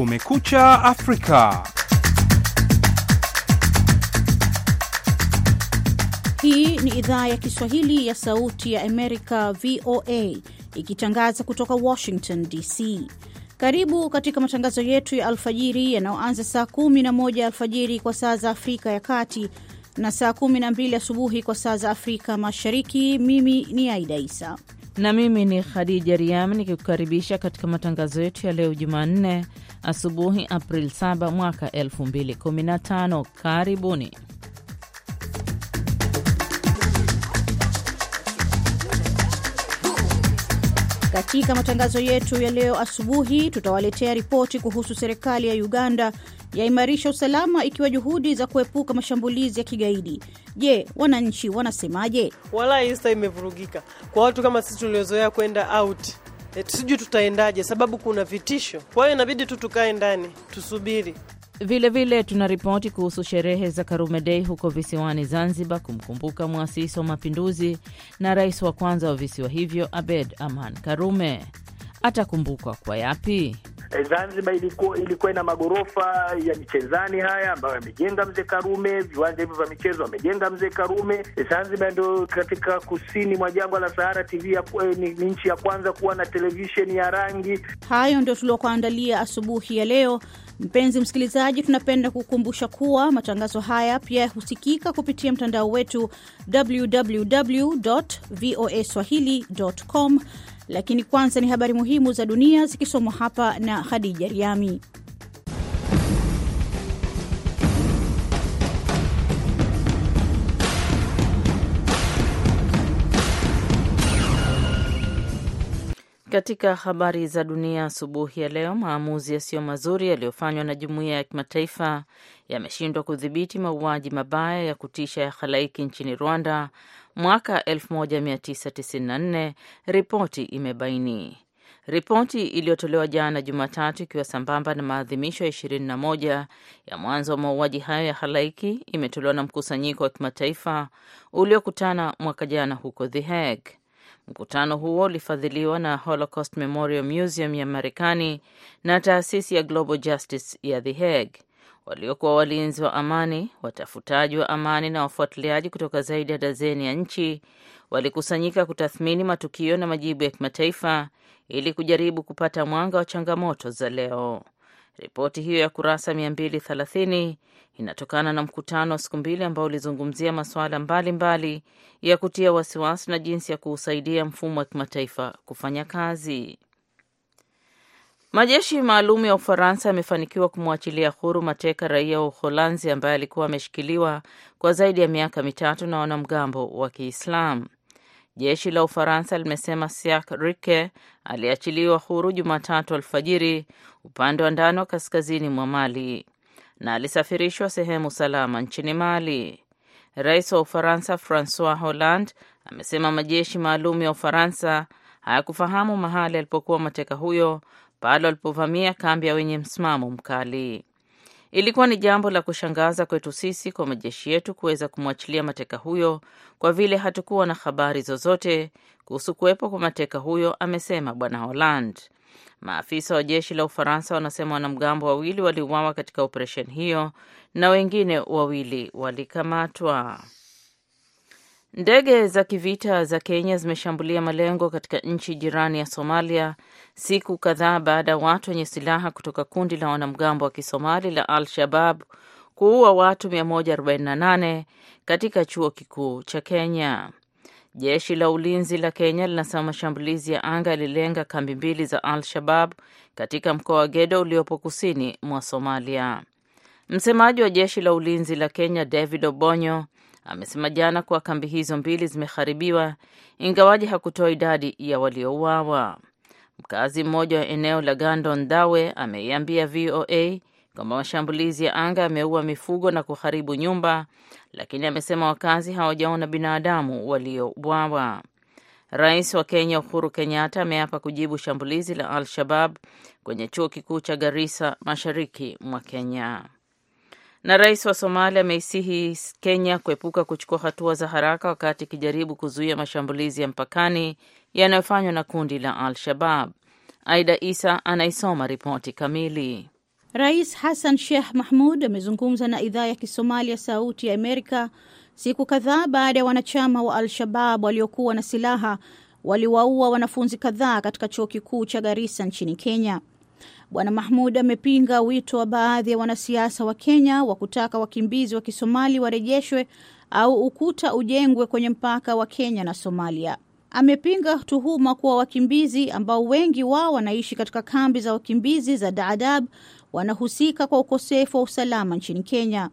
Kumekucha Afrika. Hii ni idhaa ya Kiswahili ya Sauti ya Amerika, VOA, ikitangaza kutoka Washington DC. Karibu katika matangazo yetu ya alfajiri yanayoanza saa 11 alfajiri kwa saa za Afrika ya Kati na saa 12 asubuhi kwa saa za Afrika Mashariki. Mimi ni Aida Isa na mimi ni Khadija Riami nikikukaribisha katika matangazo yetu ya leo Jumanne, asubuhi April 7 mwaka 2015. Karibuni. Katika matangazo yetu ya leo asubuhi, tutawaletea ripoti kuhusu serikali ya Uganda yaimarisha usalama ikiwa juhudi za kuepuka mashambulizi ya kigaidi. Je, wananchi wanasemaje? Walahi, imevurugika kwa watu kama sisi tuliozoea kwenda out Eh, sijui tutaendaje, sababu kuna vitisho. Kwa hiyo inabidi tu tukae ndani tusubiri. Vilevile tuna ripoti kuhusu sherehe za Karume Dei huko visiwani Zanzibar, kumkumbuka mwasisi wa mapinduzi na rais wa kwanza wa visiwa hivyo Abed Aman Karume. Atakumbukwa kwa yapi? Eh, Zanzibar ilikuwa ilikuwa ina maghorofa ya michezani haya ambayo yamejenga Mzee Karume, viwanja hivyo vya michezo amejenga Mzee Karume. Eh, Zanzibar ndio katika kusini mwa jangwa la Sahara, TV ya, eh, ni, ni nchi ya kwanza kuwa na televisheni ya rangi. Hayo ndio tuliokuandalia asubuhi ya leo. Mpenzi msikilizaji, tunapenda kukumbusha kuwa matangazo haya pia husikika kupitia mtandao wetu www voa swahili.com. Lakini kwanza ni habari muhimu za dunia zikisomwa hapa na Khadija Riami. Katika habari za dunia asubuhi ya leo, maamuzi yasiyo mazuri yaliyofanywa na jumuiya ya kimataifa yameshindwa kudhibiti mauaji mabaya ya kutisha ya halaiki nchini Rwanda mwaka 1994 ripoti imebaini. Ripoti iliyotolewa jana Jumatatu, ikiwa sambamba na maadhimisho ya 21 ya mwanzo wa mauaji hayo ya halaiki, imetolewa na mkusanyiko wa kimataifa uliokutana mwaka jana huko The Hague. Mkutano huo ulifadhiliwa na Holocaust Memorial Museum ya Marekani na taasisi ya Global Justice ya The Hague. Waliokuwa walinzi wa amani, watafutaji wa amani na wafuatiliaji kutoka zaidi ya dazeni ya nchi walikusanyika kutathmini matukio na majibu ya kimataifa ili kujaribu kupata mwanga wa changamoto za leo. Ripoti hiyo ya kurasa 230 inatokana na mkutano wa siku mbili ambao ulizungumzia masuala mbalimbali ya kutia wasiwasi na jinsi ya kuusaidia mfumo wa kimataifa kufanya kazi. Majeshi maalum ya Ufaransa yamefanikiwa kumwachilia huru mateka raia wa Uholanzi ambaye alikuwa ameshikiliwa kwa zaidi ya miaka mitatu na wanamgambo wa Kiislamu. Jeshi la Ufaransa limesema Siak Rike aliachiliwa huru Jumatatu alfajiri upande wa ndani wa kaskazini mwa Mali na alisafirishwa sehemu salama nchini Mali. Rais wa Ufaransa Francois Hollande amesema majeshi maalum ya Ufaransa hayakufahamu mahali alipokuwa mateka huyo pale walipovamia kambi ya wenye msimamo mkali. Ilikuwa ni jambo la kushangaza kwetu sisi kwa majeshi yetu kuweza kumwachilia mateka huyo kwa vile hatukuwa na habari zozote kuhusu kuwepo kwa mateka huyo, amesema Bwana holand Maafisa wa jeshi la Ufaransa wanasema wanamgambo wawili waliuawa katika operesheni hiyo na wengine wawili walikamatwa. Ndege za kivita za Kenya zimeshambulia malengo katika nchi jirani ya Somalia siku kadhaa baada ya watu wenye silaha kutoka kundi la wanamgambo wa Kisomali la Al-Shabab kuua watu 148 katika chuo kikuu cha Kenya. Jeshi la ulinzi la Kenya linasema mashambulizi ya anga yalilenga kambi mbili za Al-Shabab katika mkoa wa Gedo uliopo kusini mwa Somalia. Msemaji wa jeshi la ulinzi la Kenya David Obonyo amesema jana kuwa kambi hizo mbili zimeharibiwa, ingawaji hakutoa idadi ya waliouawa. Mkazi mmoja wa eneo la Gando Ndawe ameiambia VOA kwamba mashambulizi ya anga yameua mifugo na kuharibu nyumba, lakini amesema wakazi hawajaona binadamu waliouawa. Rais wa Kenya Uhuru Kenyatta ameapa kujibu shambulizi la Al-Shabab kwenye chuo kikuu cha Garissa mashariki mwa Kenya. Na rais wa Somalia ameisihi Kenya kuepuka kuchukua hatua za haraka wakati ikijaribu kuzuia mashambulizi ya mpakani yanayofanywa na kundi la Al-Shabab. Aida Isa anaisoma ripoti kamili. Rais Hassan Sheikh Mahmud amezungumza na idhaa ya Kisomalia Sauti ya Amerika siku kadhaa baada ya wanachama wa Al-Shabab waliokuwa na silaha waliwaua wanafunzi kadhaa katika chuo kikuu cha Garissa nchini Kenya. Bwana Mahmud amepinga wito wa baadhi ya wanasiasa wa Kenya wa kutaka wakimbizi wa Kisomali warejeshwe au ukuta ujengwe kwenye mpaka wa Kenya na Somalia. Amepinga tuhuma kuwa wakimbizi ambao wengi wao wanaishi katika kambi za wakimbizi za Dadaab wanahusika kwa ukosefu wa usalama nchini Kenya.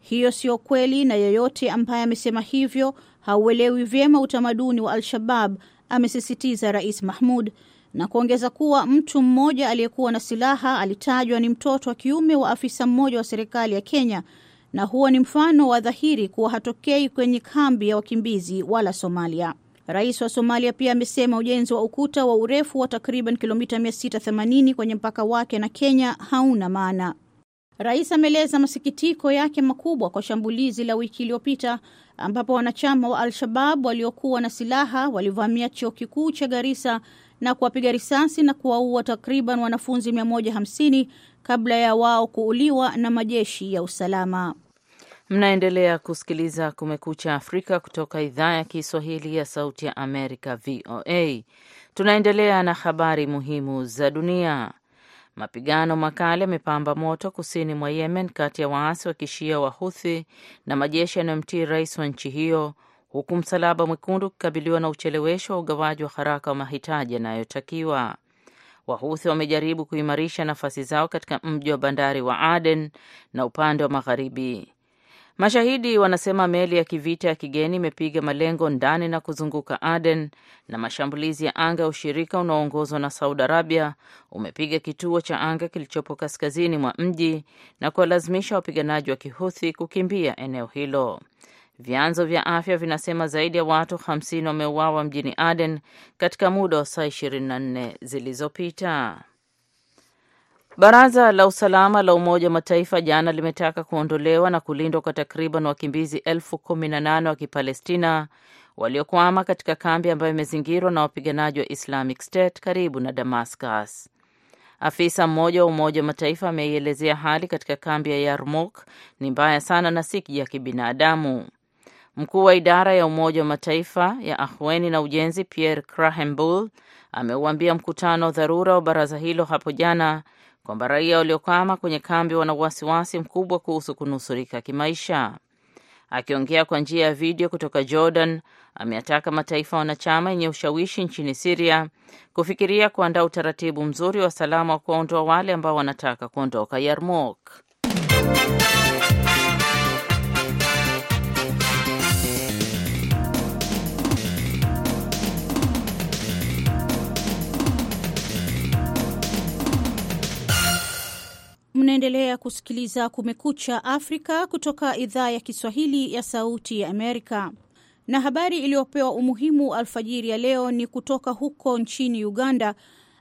Hiyo siyo kweli, na yoyote ambaye amesema hivyo hauelewi vyema utamaduni wa Al-Shabab, amesisitiza Rais Mahmud na kuongeza kuwa mtu mmoja aliyekuwa na silaha alitajwa ni mtoto wa kiume wa afisa mmoja wa serikali ya Kenya na huo ni mfano wa dhahiri kuwa hatokei kwenye kambi ya wakimbizi wala Somalia. Rais wa Somalia pia amesema ujenzi wa ukuta wa urefu wa takriban kilomita 680 kwenye mpaka wake na Kenya hauna maana. Rais ameeleza masikitiko yake makubwa kwa shambulizi la wiki iliyopita ambapo wanachama wa Al-Shabab waliokuwa na silaha walivamia chuo kikuu cha Garissa na kuwapiga risasi na kuwaua takriban wanafunzi 150 kabla ya wao kuuliwa na majeshi ya usalama. Mnaendelea kusikiliza Kumekucha Afrika kutoka idhaa ya Kiswahili ya Sauti ya Amerika, VOA. Tunaendelea na habari muhimu za dunia. Mapigano makali yamepamba moto kusini mwa Yemen kati ya waasi wa kishia wa Huthi na majeshi yanayomtii rais wa nchi hiyo huku Msalaba Mwekundu ukikabiliwa na uchelewesho wa ugawaji wa haraka wa mahitaji yanayotakiwa. Wahuthi wamejaribu kuimarisha nafasi zao katika mji wa bandari wa Aden na upande wa magharibi. Mashahidi wanasema meli ya kivita ya kigeni imepiga malengo ndani na kuzunguka Aden, na mashambulizi ya anga ya ushirika unaoongozwa na Saudi Arabia umepiga kituo cha anga kilichopo kaskazini mwa mji na kuwalazimisha wapiganaji wa Kihuthi kukimbia eneo hilo. Vyanzo vya afya vinasema zaidi ya watu 50 wameuawa mjini Aden katika muda wa saa 24 zilizopita. Baraza la usalama la Umoja wa Mataifa jana limetaka kuondolewa na kulindwa kwa takriban wakimbizi elfu kumi na nane wa Kipalestina waliokwama katika kambi ambayo imezingirwa na wapiganaji wa Islamic State karibu na Damascus. Afisa mmoja wa Umoja wa Mataifa ameielezea hali katika kambi ya Yarmouk ni mbaya sana na si ya kibinadamu. Mkuu wa idara ya Umoja wa Mataifa ya ahueni na ujenzi Pierre Krahenbull ameuambia mkutano wa dharura wa baraza hilo hapo jana kwamba raia waliokwama kwenye kambi wana wasiwasi mkubwa kuhusu kunusurika kimaisha. Akiongea kwa njia ya video kutoka Jordan, ameyataka mataifa wanachama yenye ushawishi nchini Siria kufikiria kuandaa utaratibu mzuri wa salama wa kuwaondoa wale ambao wanataka kuondoka Yarmouk. Unaendelea kusikiliza Kumekucha Afrika kutoka idhaa ya Kiswahili ya Sauti ya Amerika. Na habari iliyopewa umuhimu alfajiri ya leo ni kutoka huko nchini Uganda,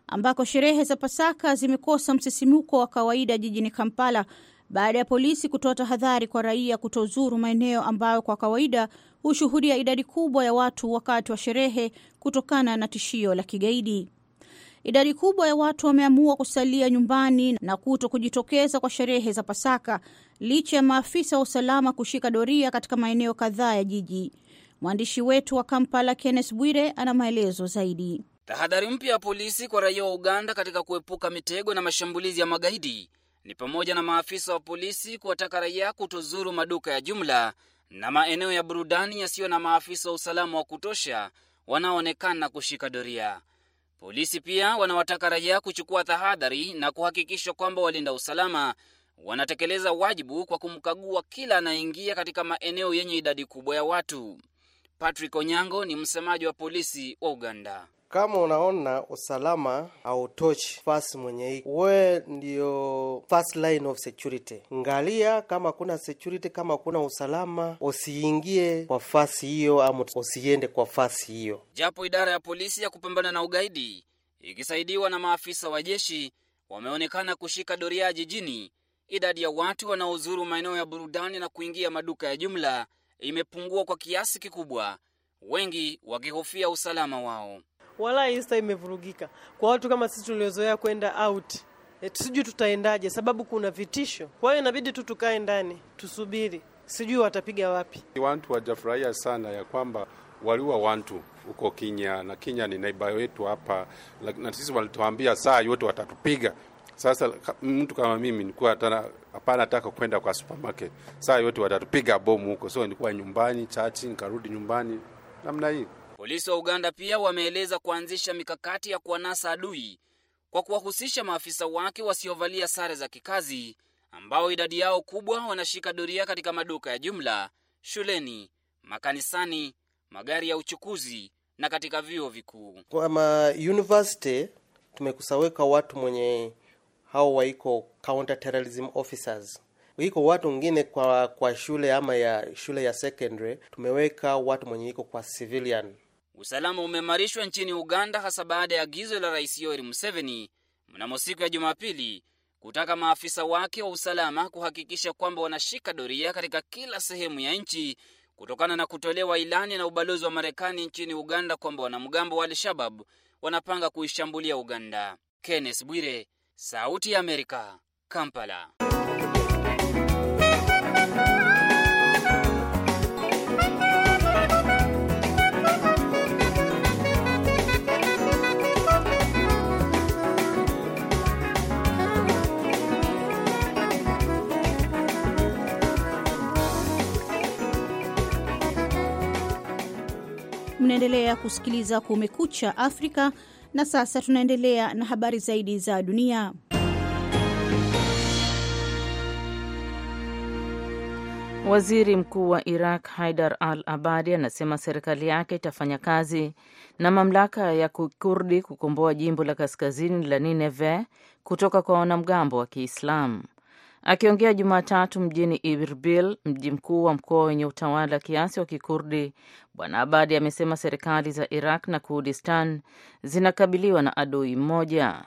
ambako sherehe za Pasaka zimekosa msisimuko wa kawaida jijini Kampala baada ya polisi kutoa tahadhari kwa raia kutozuru maeneo ambayo kwa kawaida hushuhudia idadi kubwa ya watu wakati wa sherehe kutokana na tishio la kigaidi. Idadi kubwa ya watu wameamua kusalia nyumbani na kuto kujitokeza kwa sherehe za Pasaka licha ya maafisa wa usalama kushika doria katika maeneo kadhaa ya jiji. Mwandishi wetu wa Kampala, Kenneth Bwire, ana maelezo zaidi. Tahadhari mpya ya polisi kwa raia wa Uganda katika kuepuka mitego na mashambulizi ya magaidi ni pamoja na maafisa wa polisi kuwataka raia kutozuru maduka ya jumla na maeneo ya burudani yasiyo na maafisa wa usalama wa kutosha wanaoonekana kushika doria. Polisi pia wanawataka raia kuchukua tahadhari na kuhakikisha kwamba walinda usalama wanatekeleza wajibu kwa kumkagua kila anayeingia katika maeneo yenye idadi kubwa ya watu. Patrick Onyango ni msemaji wa polisi wa Uganda. Kama unaona usalama hautoshi fasi mwenye hiki, we ndio first line of security. Ngalia kama kuna security, kama kuna usalama, usiingie kwa fasi hiyo, ama usiende kwa fasi hiyo. Japo idara ya polisi ya kupambana na ugaidi ikisaidiwa na maafisa wa jeshi wameonekana kushika doria jijini, idadi ya watu wanaozuru maeneo ya burudani na kuingia maduka ya jumla imepungua kwa kiasi kikubwa, wengi wakihofia usalama wao wala Insta imevurugika. Kwa watu kama sisi tuliozoea kwenda out, e, sijui tutaendaje, sababu kuna vitisho. Kwa hiyo inabidi tu tukae ndani tusubiri, sijui watapiga wapi. Watu wajafurahia sana ya kwamba waliwa wantu huko kinya na kinya ni naiba wetu hapa, na sisi walituambia saa yote watatupiga. Sasa mtu kama mimi nilikuwa hapana, nataka kwenda kwa supermarket, saa yote watatupiga bomu huko, so nilikuwa nyumbani chachi, nikarudi nyumbani namna hii. Polisi wa Uganda pia wameeleza kuanzisha mikakati ya kuwanasa adui kwa kuwahusisha maafisa wake wasiovalia sare za kikazi ambao idadi yao kubwa wanashika doria katika maduka ya jumla, shuleni, makanisani, magari ya uchukuzi na katika vyuo vikuu. Kwa ma university tumekusaweka watu mwenye hao waiko counter terrorism officers iko watu wengine kwa kwa shule ama ya shule ya secondary tumeweka watu mwenye iko kwa civilian Usalama umeimarishwa nchini Uganda hasa baada ya agizo la Rais Yoweri Museveni mnamo siku ya Jumapili kutaka maafisa wake wa usalama kuhakikisha kwamba wanashika doria katika kila sehemu ya nchi kutokana na kutolewa ilani na ubalozi wa Marekani nchini Uganda kwamba wanamgambo wa Al-Shabab wanapanga kuishambulia Uganda. Kenneth Bwire, Sauti ya Amerika, Kampala. Mnaendelea kusikiliza Kumekucha Afrika, na sasa tunaendelea na habari zaidi za dunia. Waziri mkuu wa Iraq Haidar al Abadi anasema serikali yake itafanya kazi na mamlaka ya Kurdi kukomboa jimbo la kaskazini la Nineve kutoka kwa wanamgambo wa Kiislamu. Akiongea Jumatatu mjini Irbil, mji mkuu wa mkoa wenye utawala kiasi wa Kikurdi, Bwana Abadi amesema serikali za Iraq na Kurdistan zinakabiliwa na adui mmoja.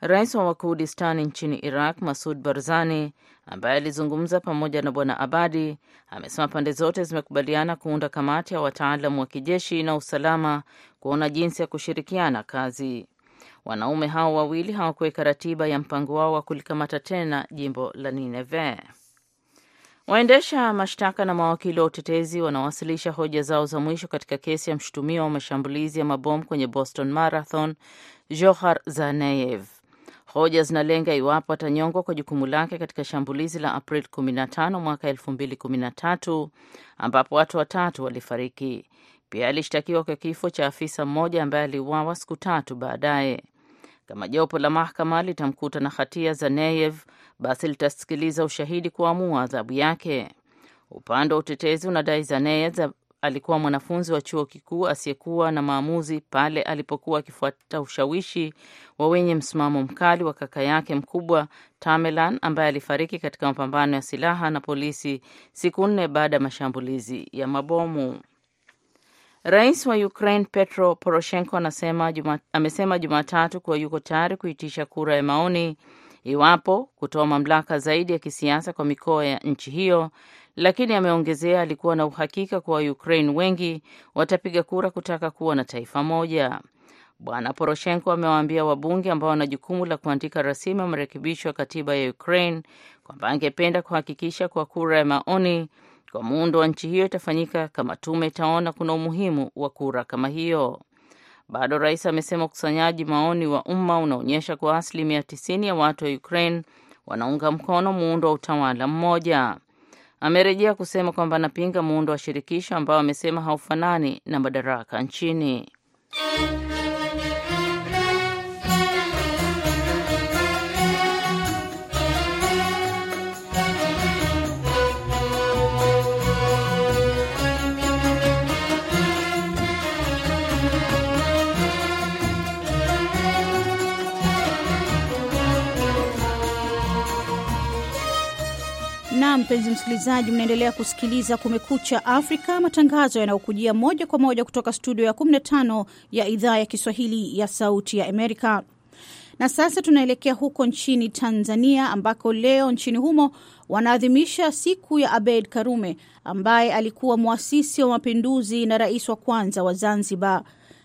Rais wa Wakurdistan nchini Iraq, Masud Barzani, ambaye alizungumza pamoja na Bwana Abadi, amesema pande zote zimekubaliana kuunda kamati ya wataalamu wa kijeshi na usalama kuona jinsi ya kushirikiana kazi. Wanaume hao wawili hawakuweka ratiba ya mpango wao wa kulikamata tena jimbo la Nineve. Waendesha mashtaka na mawakili wa utetezi wanawasilisha hoja zao za mwisho katika kesi ya mshutumiwa wa mashambulizi ya mabomu kwenye Boston Marathon, Johar zaneyev Hoja zinalenga iwapo atanyongwa kwa jukumu lake katika shambulizi la April 15 mwaka 2013 ambapo watu watatu walifariki. Pia alishtakiwa kwa kifo cha afisa mmoja ambaye aliuawa siku tatu baadaye. Kama jopo la mahakama litamkuta na hatia Zaneyev, basi litasikiliza ushahidi kuamua adhabu yake. Upande wa utetezi unadai Zaneyev alikuwa mwanafunzi wa chuo kikuu asiyekuwa na maamuzi pale alipokuwa akifuata ushawishi wa wenye msimamo mkali wa kaka yake mkubwa Tamerlan ambaye alifariki katika mapambano ya silaha na polisi siku nne baada ya mashambulizi ya mabomu. Rais wa Ukraine Petro Poroshenko anasema juma, amesema Jumatatu kuwa yuko tayari kuitisha kura ya maoni iwapo kutoa mamlaka zaidi ya kisiasa kwa mikoa ya nchi hiyo, lakini ameongezea alikuwa na uhakika kuwa Ukraine wengi watapiga kura kutaka kuwa na taifa moja. Bwana Poroshenko amewaambia wabunge ambao wana jukumu la kuandika rasimu ya marekebisho ya katiba ya Ukraine kwamba angependa kuhakikisha kwa kura ya maoni kwa muundo wa nchi hiyo itafanyika kama tume itaona kuna umuhimu wa kura kama hiyo. Bado rais amesema ukusanyaji maoni wa umma unaonyesha kuwa asilimia 90 ya watu wa Ukraine wanaunga mkono muundo wa utawala mmoja. Amerejea kusema kwamba anapinga muundo wa shirikisho ambao amesema haufanani na madaraka nchini. sana mpenzi msikilizaji, mnaendelea kusikiliza Kumekucha Afrika, matangazo yanayokujia moja kwa moja kutoka studio ya 15 ya idhaa ya Kiswahili ya Sauti ya Amerika. Na sasa tunaelekea huko nchini Tanzania, ambako leo nchini humo wanaadhimisha siku ya Abeid Karume ambaye alikuwa mwasisi wa mapinduzi na rais wa kwanza wa Zanzibar.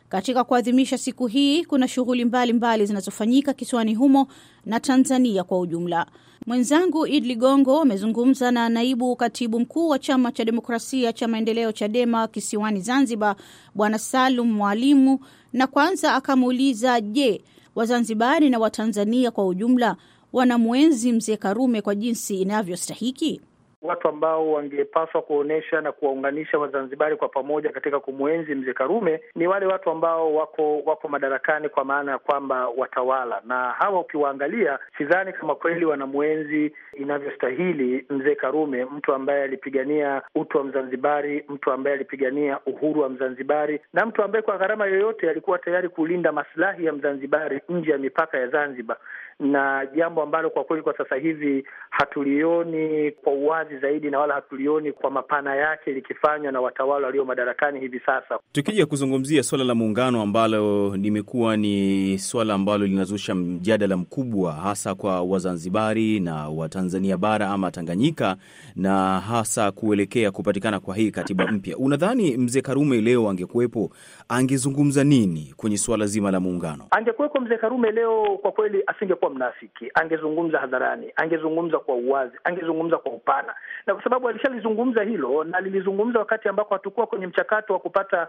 Katika kuadhimisha siku hii, kuna shughuli mbalimbali zinazofanyika kisiwani humo na Tanzania kwa ujumla. Mwenzangu Id Ligongo amezungumza na naibu katibu mkuu wa chama cha demokrasia cha maendeleo Chadema kisiwani Zanzibar, Bwana Salum Mwalimu, na kwanza akamuuliza je, Wazanzibari na Watanzania kwa ujumla wanamwenzi Mzee Karume kwa jinsi inavyostahiki? watu ambao wangepaswa kuonyesha na kuwaunganisha Wazanzibari kwa pamoja katika kumwenzi mzee Karume ni wale watu ambao wako wako madarakani, kwa maana ya kwamba watawala. Na hawa ukiwaangalia, sidhani kama kweli wanamwenzi inavyostahili mzee Karume, mtu ambaye alipigania utu wa Mzanzibari, mtu ambaye alipigania uhuru wa Mzanzibari, na mtu ambaye kwa gharama yoyote alikuwa tayari kulinda masilahi ya Mzanzibari nje ya mipaka ya Zanzibar, na jambo ambalo kwa kweli kwa sasa hivi hatulioni kwa uwazi wazi zaidi na wala hatulioni kwa mapana yake likifanywa na watawala walio madarakani hivi sasa. Tukija kuzungumzia suala la muungano ambalo limekuwa ni suala ambalo linazusha mjadala mkubwa hasa kwa Wazanzibari na Watanzania bara ama Tanganyika, na hasa kuelekea kupatikana kwa hii katiba mpya, unadhani mzee Karume leo angekuwepo angezungumza nini kwenye suala zima la muungano? Angekuwepo mzee Karume leo, kwa kweli asingekuwa mnafiki, angezungumza hadharani, angezungumza kwa uwazi, angezungumza kwa upana, na kwa sababu alishalizungumza hilo na lilizungumza wakati ambako hatukuwa kwenye mchakato wa kupata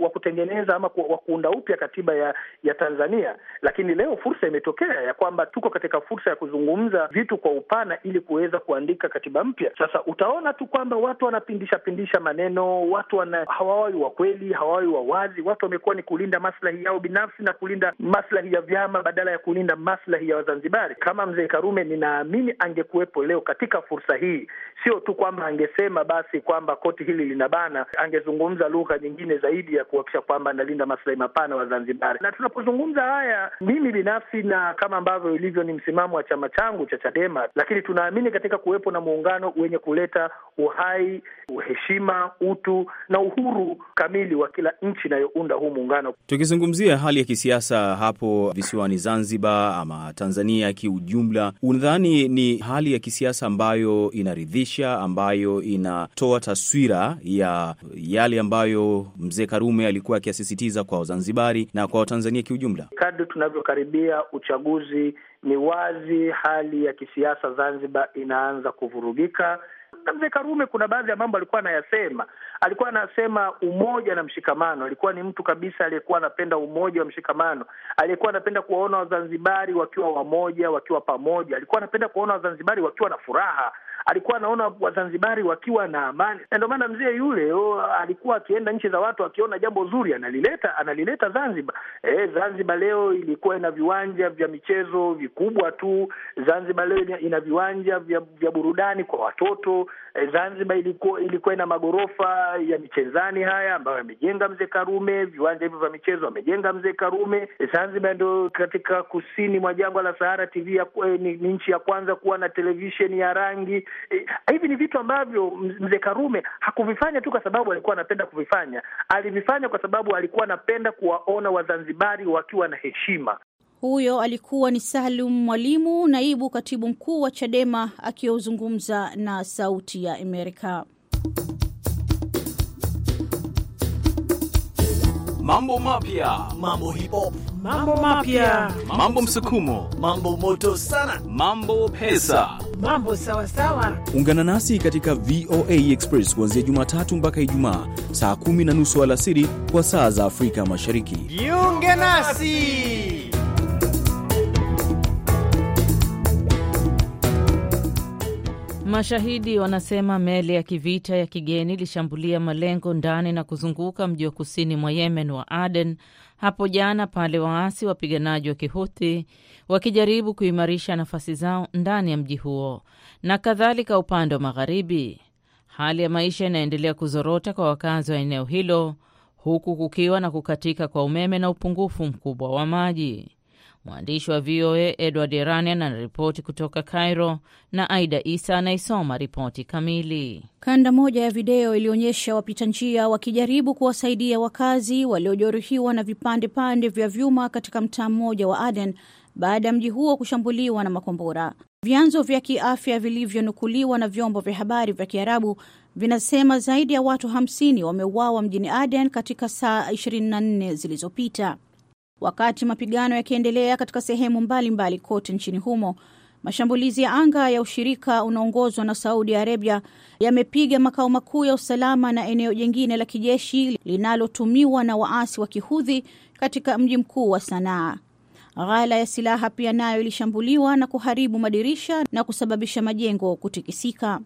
wa kutengeneza ama wa kuunda upya katiba ya ya Tanzania, lakini leo fursa imetokea ya kwamba tuko katika fursa ya kuzungumza vitu kwa upana ili kuweza kuandika katiba mpya. Sasa utaona tu kwamba watu wanapindisha pindisha maneno, watu wana hawawawi wa kweli, hawawawi wa wazi. Watu wamekuwa ni kulinda maslahi yao binafsi na kulinda maslahi ya vyama badala ya kulinda maslahi ya Wazanzibari. Kama mzee Karume, ninaamini angekuwepo leo katika fursa hii hii. Sio tu kwamba angesema basi kwamba koti hili linabana, angezungumza lugha nyingine zaidi ya kuhakikisha kwamba analinda maslahi mapana wa Zanzibari. Na tunapozungumza haya, mimi binafsi na kama ambavyo ilivyo ni msimamo wa chama changu cha Chadema, lakini tunaamini katika kuwepo na muungano wenye kuleta uhai, heshima, utu na uhuru kamili wa kila nchi inayounda huu muungano. Tukizungumzia hali ya kisiasa hapo visiwani Zanzibar ama Tanzania kiujumla, unadhani ni hali ya kisiasa ambayo inaridhisha, ambayo inatoa taswira ya yale ambayo mzee Karume alikuwa akiyasisitiza kwa Wazanzibari na kwa Watanzania kiujumla. Kadri tunavyokaribia uchaguzi, ni wazi hali ya kisiasa Zanzibar inaanza kuvurugika. Na mzee Karume kuna baadhi ya mambo alikuwa anayasema, alikuwa anasema umoja na mshikamano. Alikuwa ni mtu kabisa aliyekuwa anapenda umoja wa mshikamano, aliyekuwa anapenda kuwaona Wazanzibari wakiwa wamoja, wakiwa pamoja. Alikuwa anapenda kuwaona Wazanzibari wakiwa na furaha, alikuwa anaona Wazanzibari wakiwa na amani, na ndio maana mzee yule o, oh, alikuwa akienda nchi za watu, akiona jambo zuri analileta analileta Zanzibar. E, Zanzibar leo ilikuwa ina viwanja vya michezo vikubwa tu. Zanzibar leo ina viwanja vya, vya burudani kwa watoto. Eh, Zanzibar ilikuwa ilikuwa ina maghorofa ya michezani haya ambayo amejenga Mzee Karume, viwanja hivyo vya michezo amejenga Mzee Karume. Eh, Zanzibar ndo katika kusini mwa jangwa la Sahara, TV ya, eh, ni, ni nchi ya kwanza kuwa na televisheni ya rangi eh, hivi ni vitu ambavyo Mzee Karume hakuvifanya tu kwa sababu alikuwa anapenda kuvifanya, alivifanya kwa sababu alikuwa anapenda kuwaona Wazanzibari wakiwa na heshima. Huyo alikuwa ni Salum Mwalimu, naibu katibu mkuu wa Chadema akiyozungumza na Sauti ya Amerika. Mambo mapya, mambo hip hop, mambo mapya, mambo msukumo, mambo moto sana, mambo pesa, mambo sawasawa. Ungana nasi katika VOA Express kuanzia Jumatatu mpaka Ijumaa saa kumi na nusu alasiri kwa saa za Afrika Mashariki. Jiunge nasi. Mashahidi wanasema meli ya kivita ya kigeni ilishambulia malengo ndani na kuzunguka mji wa kusini mwa Yemen wa Aden hapo jana, pale waasi wapiganaji wa Kihuthi wakijaribu kuimarisha nafasi zao ndani ya mji huo na kadhalika upande wa magharibi. Hali ya maisha inaendelea kuzorota kwa wakazi wa eneo hilo huku kukiwa na kukatika kwa umeme na upungufu mkubwa wa maji. Mwandishi wa VOA Edward Iranian anaripoti kutoka Cairo na Aida Isa anaisoma ripoti kamili. Kanda moja ya video ilionyesha wapita njia wakijaribu kuwasaidia wakazi waliojeruhiwa na vipande pande vya vyuma katika mtaa mmoja wa Aden baada ya mji huo kushambuliwa na makombora. Vyanzo vya kiafya vilivyonukuliwa na vyombo vya habari vya Kiarabu vinasema zaidi ya watu 50 wameuawa mjini Aden katika saa 24 zilizopita. Wakati mapigano yakiendelea katika sehemu mbalimbali mbali kote nchini humo, mashambulizi ya anga ya ushirika unaongozwa na Saudi Arabia yamepiga makao makuu ya usalama na eneo jingine la kijeshi linalotumiwa na waasi wa Kihudhi katika mji mkuu wa Sanaa. Ghala ya silaha pia nayo ilishambuliwa na kuharibu madirisha na kusababisha majengo kutikisika.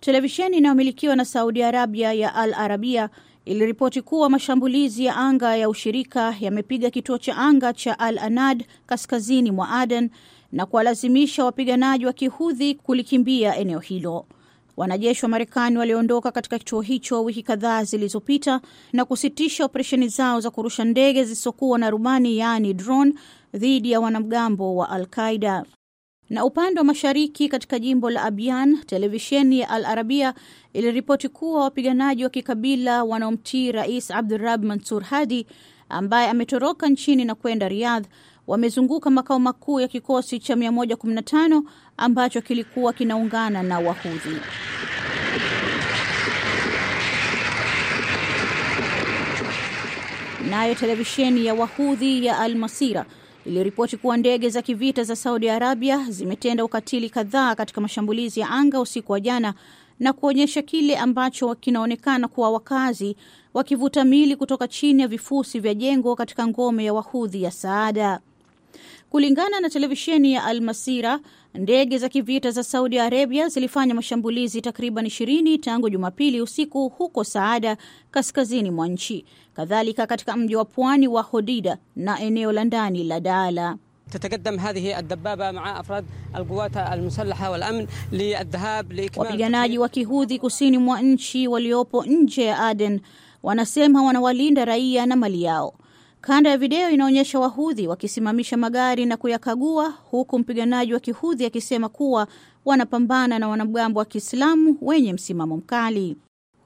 Televisheni inayomilikiwa na Saudi Arabia ya Al Arabia iliripoti kuwa mashambulizi ya anga ya ushirika yamepiga kituo cha anga cha Al Anad kaskazini mwa Aden na kuwalazimisha wapiganaji wa Kihudhi kulikimbia eneo hilo. Wanajeshi wa Marekani waliondoka katika kituo hicho wiki kadhaa zilizopita na kusitisha operesheni zao za kurusha ndege zisizokuwa na rubani, yaani drone, dhidi ya wanamgambo wa Al Qaida. Na upande wa mashariki katika jimbo la Abyan, televisheni ya Al Arabia iliripoti kuwa wapiganaji wa kikabila wanaomtii Rais Abdurab Mansur Hadi ambaye ametoroka nchini na kwenda Riyadh wamezunguka makao makuu ya kikosi cha 115 ambacho kilikuwa kinaungana na Wahudhi. Nayo televisheni ya Wahudhi ya Al Masira iliripoti kuwa ndege za kivita za Saudi Arabia zimetenda ukatili kadhaa katika mashambulizi ya anga usiku wa jana na kuonyesha kile ambacho kinaonekana kuwa wakazi wakivuta mili kutoka chini ya vifusi vya jengo katika ngome ya Wahudhi ya Saada. Kulingana na televisheni ya Almasira, ndege za kivita za Saudi Arabia zilifanya mashambulizi takriban ishirini tangu Jumapili usiku huko Saada, kaskazini mwa nchi, kadhalika katika mji wa pwani wa Hodida na eneo la ndani la Daala. wapiganaji wa kihudhi kusini mwa nchi waliopo nje ya Aden wanasema wanawalinda raia na mali yao. Kanda ya video inaonyesha wahudhi wakisimamisha magari na kuyakagua, huku mpiganaji wa kihudhi akisema kuwa wanapambana na wanamgambo wa Kiislamu wenye msimamo mkali,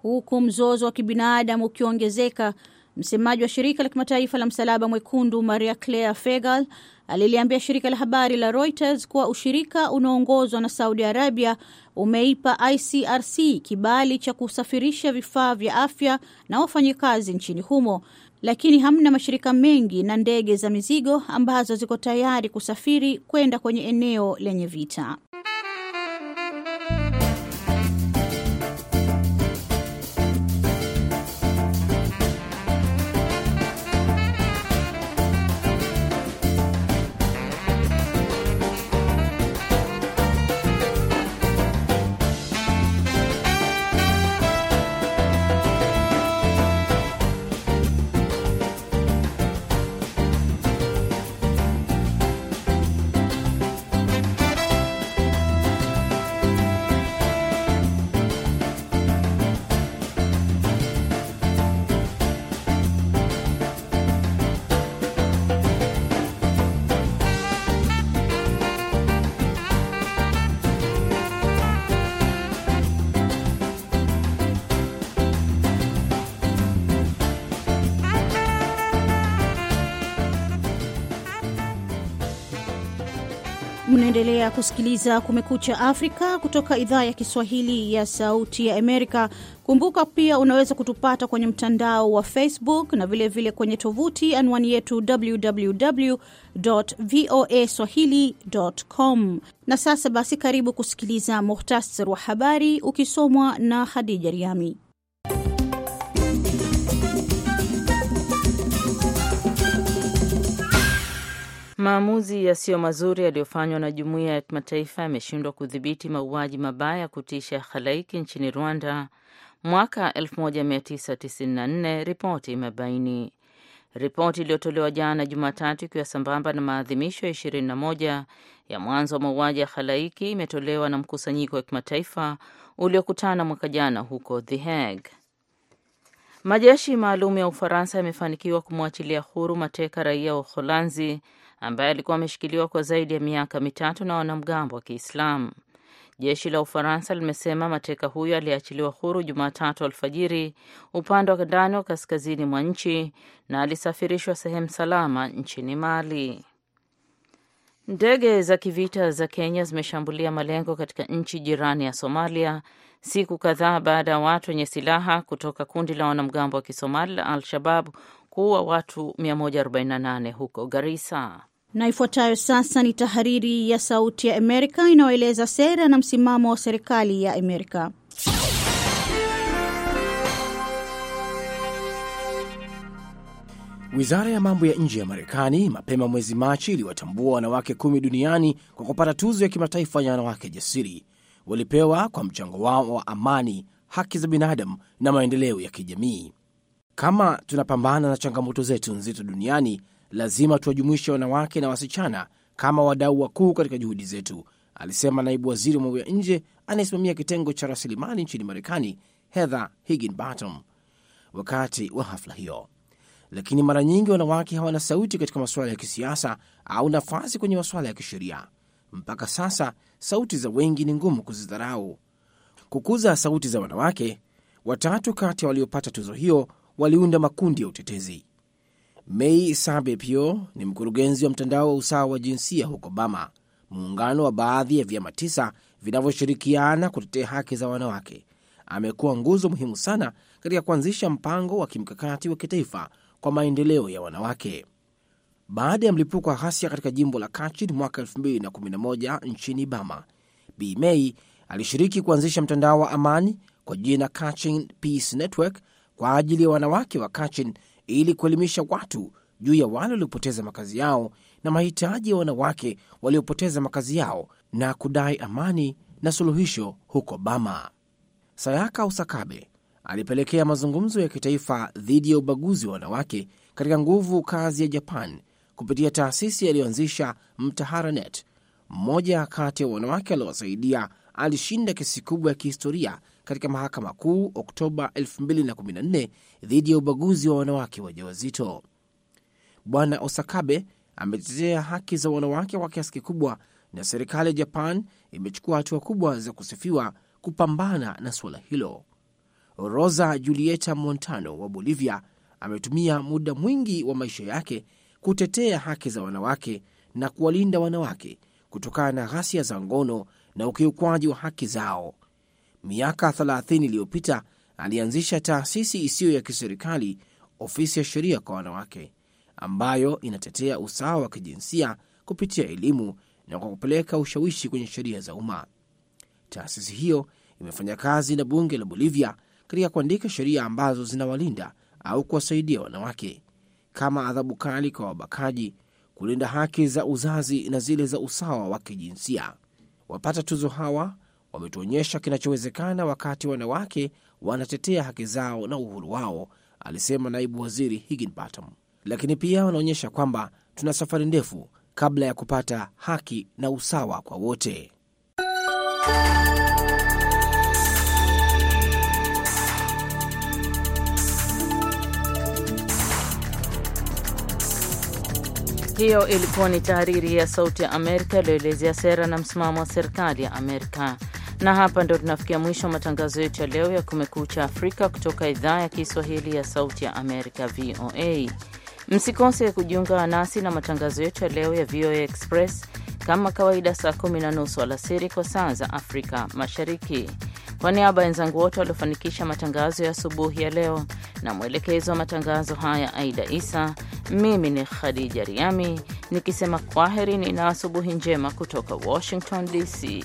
huku mzozo wa kibinadamu ukiongezeka. Msemaji wa shirika la kimataifa la msalaba mwekundu Maria Claire Fegal aliliambia shirika la habari la Reuters kuwa ushirika unaoongozwa na Saudi Arabia umeipa ICRC kibali cha kusafirisha vifaa vya afya na wafanyakazi nchini humo lakini hamna mashirika mengi na ndege za mizigo ambazo ziko tayari kusafiri kwenda kwenye eneo lenye vita. Unaendelea kusikiliza Kumekucha Afrika kutoka idhaa ya Kiswahili ya Sauti ya Amerika. Kumbuka pia unaweza kutupata kwenye mtandao wa Facebook na vilevile vile kwenye tovuti, anwani yetu www voa swahili.com. Na sasa basi, karibu kusikiliza muhtasari wa habari ukisomwa na hadija Riami. Maamuzi yasiyo mazuri yaliyofanywa na jumuiya ya kimataifa yameshindwa kudhibiti mauaji mabaya ya kutisha ya halaiki nchini Rwanda mwaka 1994 ripoti imebaini. Ripoti iliyotolewa jana Jumatatu, ikiwa sambamba na maadhimisho ya 21 ya mwanzo wa mauaji ya halaiki, imetolewa na mkusanyiko wa kimataifa uliokutana mwaka jana huko The Hague. Majeshi maalum ya Ufaransa yamefanikiwa kumwachilia huru mateka raia wa Uholanzi ambaye alikuwa ameshikiliwa kwa zaidi ya miaka mitatu na wanamgambo wa Kiislamu. Jeshi la Ufaransa limesema mateka huyo aliyeachiliwa huru Jumatatu alfajiri upande wa ndani wa kaskazini mwa nchi na alisafirishwa sehemu salama nchini Mali. Ndege za kivita za Kenya zimeshambulia malengo katika nchi jirani ya Somalia siku kadhaa baada ya watu wenye silaha kutoka kundi la wanamgambo wa Kisomali la Al-Shabab kuua watu 148 huko Garissa. Na ifuatayo sasa ni tahariri ya Sauti ya Amerika inayoeleza sera na msimamo wa serikali ya Amerika. Wizara ya mambo ya nje ya Marekani mapema mwezi Machi iliwatambua wanawake kumi duniani kwa kupata tuzo ya kimataifa ya wanawake jasiri. Walipewa kwa mchango wao wa amani, haki za binadamu na maendeleo ya kijamii. Kama tunapambana na changamoto zetu nzito duniani, lazima tuwajumuishe wanawake na wasichana kama wadau wakuu katika juhudi zetu, alisema naibu waziri wa mambo ya nje anayesimamia kitengo cha rasilimali nchini Marekani, Heather Higginbottom, wakati wa hafla hiyo. Lakini mara nyingi wanawake hawana sauti katika masuala ya kisiasa au nafasi kwenye masuala ya kisheria. Mpaka sasa sauti za wengi ni ngumu kuzidharau. Kukuza sauti za wanawake, watatu kati ya waliopata tuzo hiyo waliunda makundi ya utetezi. Mei Sabe Pio ni mkurugenzi wa mtandao wa usawa wa jinsia huko Bama, muungano wa baadhi ya vyama tisa vinavyoshirikiana kutetea haki za wanawake. Amekuwa nguzo muhimu sana katika kuanzisha mpango wa kimkakati wa kitaifa kwa maendeleo ya wanawake. Baada ya mlipuko wa ghasia katika jimbo la Kachin mwaka 2011 nchini Bama, Bi Mei alishiriki kuanzisha mtandao wa amani kwa jina Kachin Peace Network kwa ajili ya wanawake wa Kachin ili kuelimisha watu juu ya wale waliopoteza makazi yao na mahitaji ya wanawake waliopoteza makazi yao na kudai amani na suluhisho huko Bama. Sayaka Usakabe alipelekea mazungumzo ya kitaifa dhidi ya ubaguzi wa wanawake katika nguvu kazi ya Japan kupitia taasisi aliyoanzisha Mtaharanet. Mmoja kati ya wanawake aliowasaidia alishinda kesi kubwa ya kihistoria katika mahakama kuu Oktoba 2014 dhidi ya ubaguzi wa wanawake wajawazito. Bwana Osakabe ametetea haki za wanawake kwa kiasi kikubwa, na serikali ya Japan imechukua hatua kubwa za kusifiwa kupambana na suala hilo. Rosa Julieta Montano wa Bolivia ametumia muda mwingi wa maisha yake kutetea haki za wanawake na kuwalinda wanawake kutokana na ghasia za ngono na ukiukwaji wa haki zao Miaka 30 iliyopita alianzisha taasisi isiyo ya kiserikali, ofisi ya sheria kwa wanawake, ambayo inatetea usawa wa kijinsia kupitia elimu na kwa kupeleka ushawishi kwenye sheria za umma. Taasisi hiyo imefanya kazi na bunge la Bolivia katika kuandika sheria ambazo zinawalinda au kuwasaidia wanawake kama adhabu kali kwa wabakaji, kulinda haki za uzazi na zile za usawa wa kijinsia. Wapata tuzo hawa wametuonyesha kinachowezekana wakati wanawake wanatetea haki zao na uhuru wao, alisema naibu waziri Higginbottom. Lakini pia wanaonyesha kwamba tuna safari ndefu kabla ya kupata haki na usawa kwa wote. Hiyo ilikuwa ni tahariri ya Sauti ya Amerika iliyoelezea sera na msimamo wa serikali ya Amerika. Na hapa ndo tunafikia mwisho wa matangazo yetu ya leo ya Kumekucha Afrika kutoka idhaa ya Kiswahili ya Sauti ya Amerika, VOA. Msikose kujiunga nasi na matangazo yetu ya leo ya VOA Express kama kawaida, saa kumi na nusu alasiri kwa saa za Afrika Mashariki. Kwa niaba ya wenzangu wote waliofanikisha matangazo ya asubuhi ya leo na mwelekezo wa matangazo haya Aida Isa, mimi ni Khadija Riami nikisema kwaherini na asubuhi njema kutoka Washington DC.